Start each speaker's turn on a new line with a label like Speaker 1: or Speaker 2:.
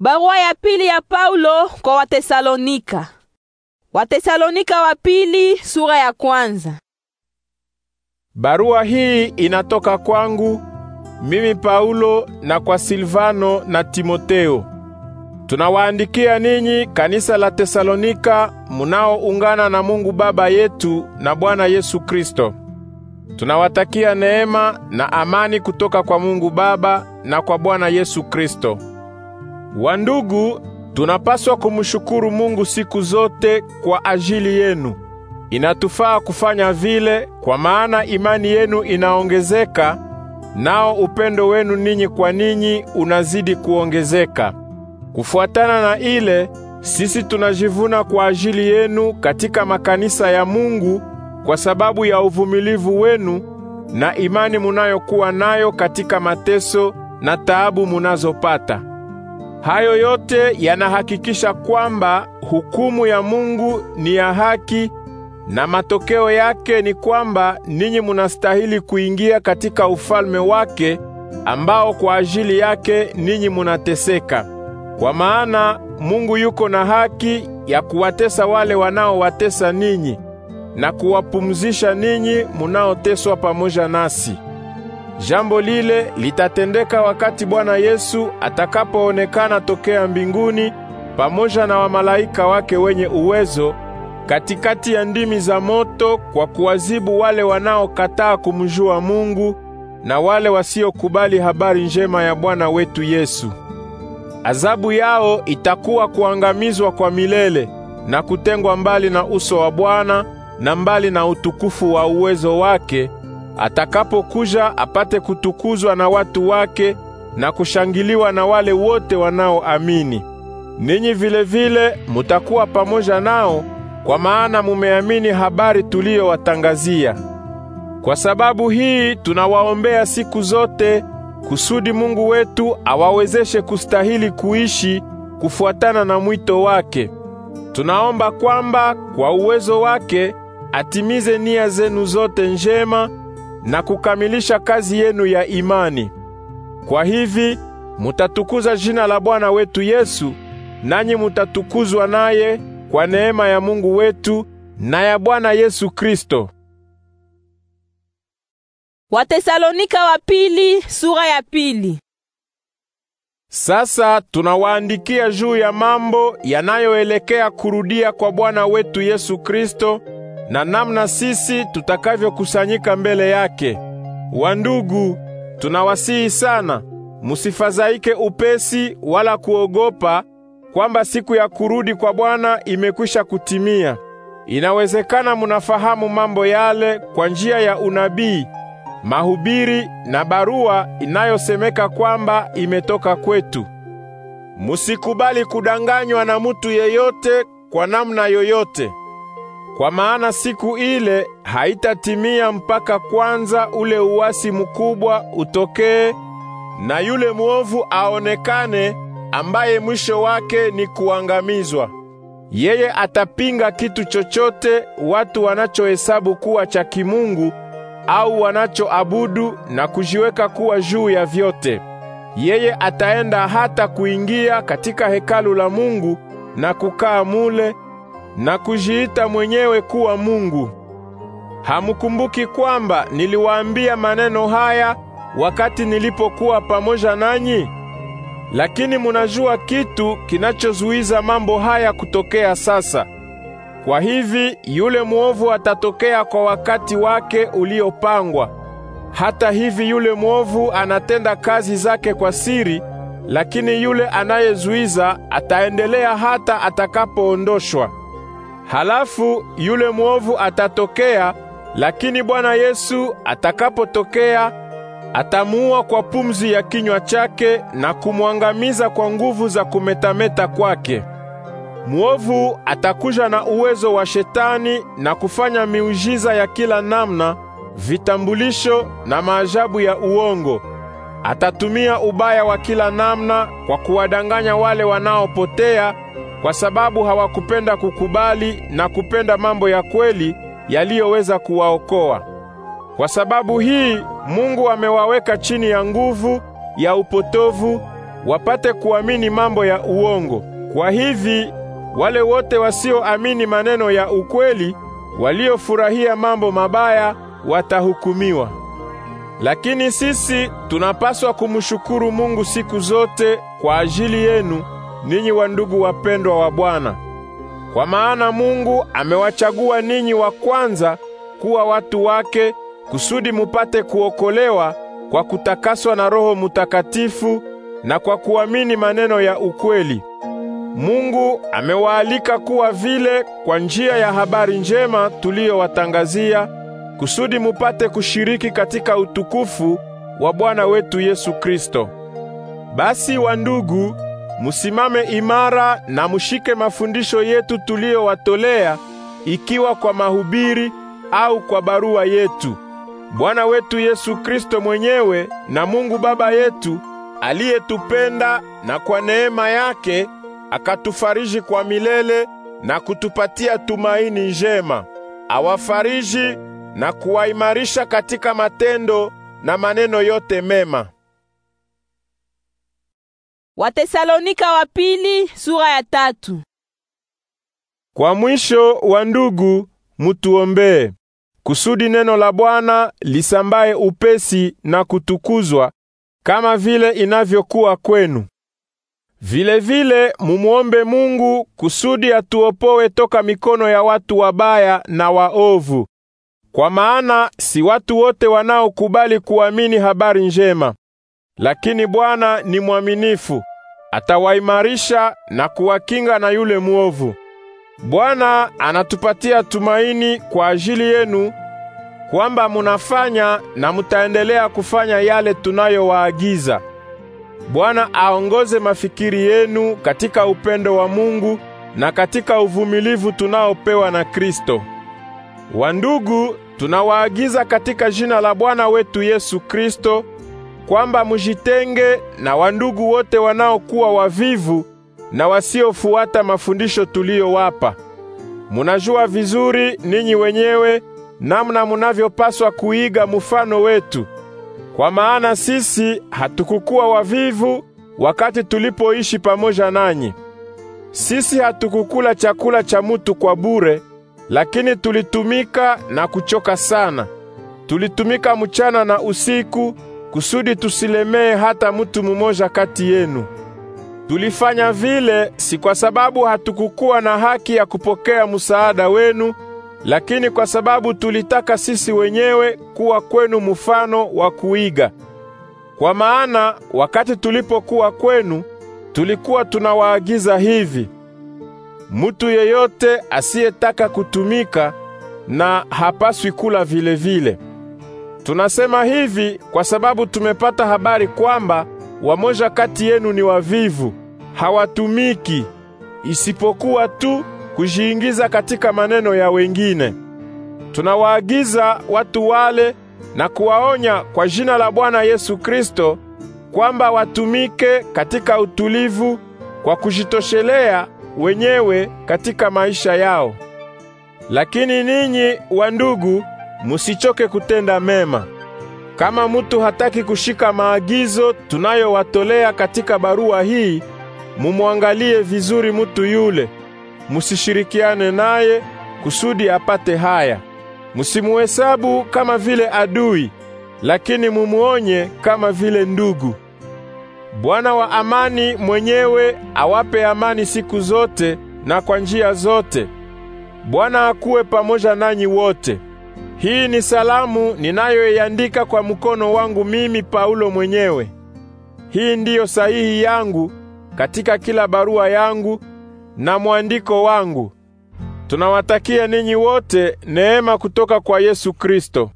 Speaker 1: Barua ya pili ya Paulo kwa Watesalonika. Watesalonika wa pili sura ya kwanza. Barua hii inatoka kwangu mimi Paulo na kwa Silvano na Timoteo. Tunawaandikia ninyi kanisa la Tesalonika munaoungana na Mungu Baba yetu na Bwana Yesu Kristo. Tunawatakia neema na amani kutoka kwa Mungu Baba na kwa Bwana Yesu Kristo. Wandugu, tunapaswa kumshukuru Mungu siku zote kwa ajili yenu. Inatufaa kufanya vile kwa maana imani yenu inaongezeka, nao upendo wenu ninyi kwa ninyi unazidi kuongezeka. Kufuatana na ile, sisi tunajivuna kwa ajili yenu katika makanisa ya Mungu kwa sababu ya uvumilivu wenu na imani munayokuwa nayo katika mateso na taabu munazopata. Hayo yote yanahakikisha kwamba hukumu ya Mungu ni ya haki na matokeo yake ni kwamba ninyi munastahili kuingia katika ufalme wake ambao kwa ajili yake ninyi munateseka. Kwa maana Mungu yuko na haki ya kuwatesa wale wanaowatesa ninyi na kuwapumzisha ninyi munaoteswa pamoja nasi. Jambo lile litatendeka wakati Bwana Yesu atakapoonekana tokea mbinguni pamoja na wamalaika wake wenye uwezo katikati ya ndimi za moto kwa kuwazibu wale wanaokataa kumjua Mungu na wale wasiokubali habari njema ya Bwana wetu Yesu. Adhabu yao itakuwa kuangamizwa kwa milele na kutengwa mbali na uso wa Bwana na mbali na utukufu wa uwezo wake atakapokuja apate kutukuzwa na watu wake na kushangiliwa na wale wote wanaoamini. Ninyi vile vile mutakuwa pamoja nao, kwa maana mumeamini habari tuliyowatangazia. Kwa sababu hii tunawaombea siku zote kusudi Mungu wetu awawezeshe kustahili kuishi kufuatana na mwito wake. Tunaomba kwamba kwa uwezo wake atimize nia zenu zote njema na kukamilisha kazi yenu ya imani. Kwa hivi mutatukuza jina la Bwana wetu Yesu, nanyi mutatukuzwa naye kwa neema ya Mungu wetu na ya Bwana Yesu Kristo. Watesalonika wa pili, sura ya pili. Sasa tunawaandikia juu ya mambo yanayoelekea kurudia kwa Bwana wetu Yesu Kristo na namna sisi tutakavyokusanyika mbele yake. Wandugu, tunawasihi sana musifadhaike upesi wala kuogopa kwamba siku ya kurudi kwa Bwana imekwisha kutimia. Inawezekana munafahamu mambo yale kwa njia ya unabii, mahubiri na barua inayosemeka kwamba imetoka kwetu. Musikubali kudanganywa na mutu yeyote kwa namna yoyote. Kwa maana siku ile haitatimia mpaka kwanza ule uasi mkubwa utokee na yule mwovu aonekane, ambaye mwisho wake ni kuangamizwa. Yeye atapinga kitu chochote watu wanachohesabu kuwa cha kimungu au wanachoabudu na kujiweka kuwa juu ya vyote. Yeye ataenda hata kuingia katika hekalu la Mungu na kukaa mule na kujiita mwenyewe kuwa Mungu. Hamukumbuki kwamba niliwaambia maneno haya wakati nilipokuwa pamoja nanyi? Lakini munajua kitu kinachozuiza mambo haya kutokea sasa. Kwa hivi yule mwovu atatokea kwa wakati wake uliopangwa. Hata hivi yule mwovu anatenda kazi zake kwa siri, lakini yule anayezuiza ataendelea hata atakapoondoshwa. Halafu yule mwovu atatokea, lakini Bwana Yesu atakapotokea atamuua kwa pumzi ya kinywa chake na kumwangamiza kwa nguvu za kumetameta kwake. Mwovu atakuja na uwezo wa shetani na kufanya miujiza ya kila namna, vitambulisho na maajabu ya uongo. Atatumia ubaya wa kila namna kwa kuwadanganya wale wanaopotea kwa sababu hawakupenda kukubali na kupenda mambo ya kweli yaliyoweza kuwaokoa. Kwa sababu hii Mungu amewaweka chini ya nguvu ya upotovu wapate kuamini mambo ya uongo. Kwa hivi wale wote wasioamini maneno ya ukweli, waliofurahia mambo mabaya watahukumiwa. Lakini sisi tunapaswa kumshukuru Mungu siku zote kwa ajili yenu ninyi wandugu wapendwa wa Bwana, kwa maana Mungu amewachagua ninyi wa kwanza kuwa watu wake kusudi mupate kuokolewa kwa kutakaswa na Roho Mutakatifu na kwa kuamini maneno ya ukweli. Mungu amewaalika kuwa vile kwa njia ya habari njema tuliyowatangazia kusudi mupate kushiriki katika utukufu wa Bwana wetu Yesu Kristo. Basi wandugu, Musimame imara na mushike mafundisho yetu tuliyowatolea, ikiwa kwa mahubiri au kwa barua yetu. Bwana wetu Yesu Kristo mwenyewe na Mungu Baba yetu aliyetupenda na kwa neema yake akatufariji kwa milele na kutupatia tumaini njema, awafariji na kuwaimarisha katika matendo na maneno yote mema. Watesalonika wa pili sura ya tatu. Kwa mwisho wa ndugu, mutuombee kusudi neno la Bwana lisambaye upesi na kutukuzwa kama vile inavyokuwa kwenu. vile vile mumuombe Mungu kusudi atuopoe toka mikono ya watu wabaya na waovu, kwa maana si watu wote wanaokubali kuamini habari njema. Lakini Bwana ni mwaminifu, atawaimarisha na kuwakinga na yule mwovu. Bwana anatupatia tumaini kwa ajili yenu kwamba munafanya na mutaendelea kufanya yale tunayowaagiza. Bwana aongoze mafikiri yenu katika upendo wa Mungu na katika uvumilivu tunaopewa na Kristo. Wandugu, tunawaagiza katika jina la Bwana wetu Yesu Kristo kwamba mujitenge na wandugu wote wanaokuwa wavivu na wasiofuata mafundisho tuliyowapa. Munajua vizuri ninyi wenyewe namna munavyopaswa kuiga mfano wetu, kwa maana sisi hatukukuwa wavivu wakati tulipoishi pamoja nanyi. Sisi hatukukula chakula cha mutu kwa bure, lakini tulitumika na kuchoka sana. Tulitumika mchana na usiku kusudi tusilemee hata mtu mmoja kati yenu. Tulifanya vile si kwa sababu hatukukuwa na haki ya kupokea msaada wenu, lakini kwa sababu tulitaka sisi wenyewe kuwa kwenu mfano wa kuiga. Kwa maana wakati tulipokuwa kwenu tulikuwa tunawaagiza hivi: mtu yeyote asiyetaka kutumika na hapaswi kula vile vile. Tunasema hivi kwa sababu tumepata habari kwamba wamoja kati yenu ni wavivu, hawatumiki isipokuwa tu kujiingiza katika maneno ya wengine. Tunawaagiza watu wale na kuwaonya kwa jina la Bwana Yesu Kristo kwamba watumike katika utulivu kwa kujitoshelea wenyewe katika maisha yao. Lakini ninyi wandugu musichoke kutenda mema. Kama mutu hataki kushika maagizo tunayowatolea katika barua hii, mumwangalie vizuri mutu yule, musishirikiane naye kusudi apate haya. Musimuhesabu kama vile adui, lakini mumuonye kama vile ndugu. Bwana wa amani mwenyewe awape amani siku zote na kwa njia zote. Bwana akuwe pamoja nanyi wote. Hii ni salamu ninayoiandika kwa mkono wangu mimi Paulo mwenyewe. Hii ndiyo sahihi yangu katika kila barua yangu na mwandiko wangu. Tunawatakia ninyi wote neema kutoka kwa Yesu Kristo.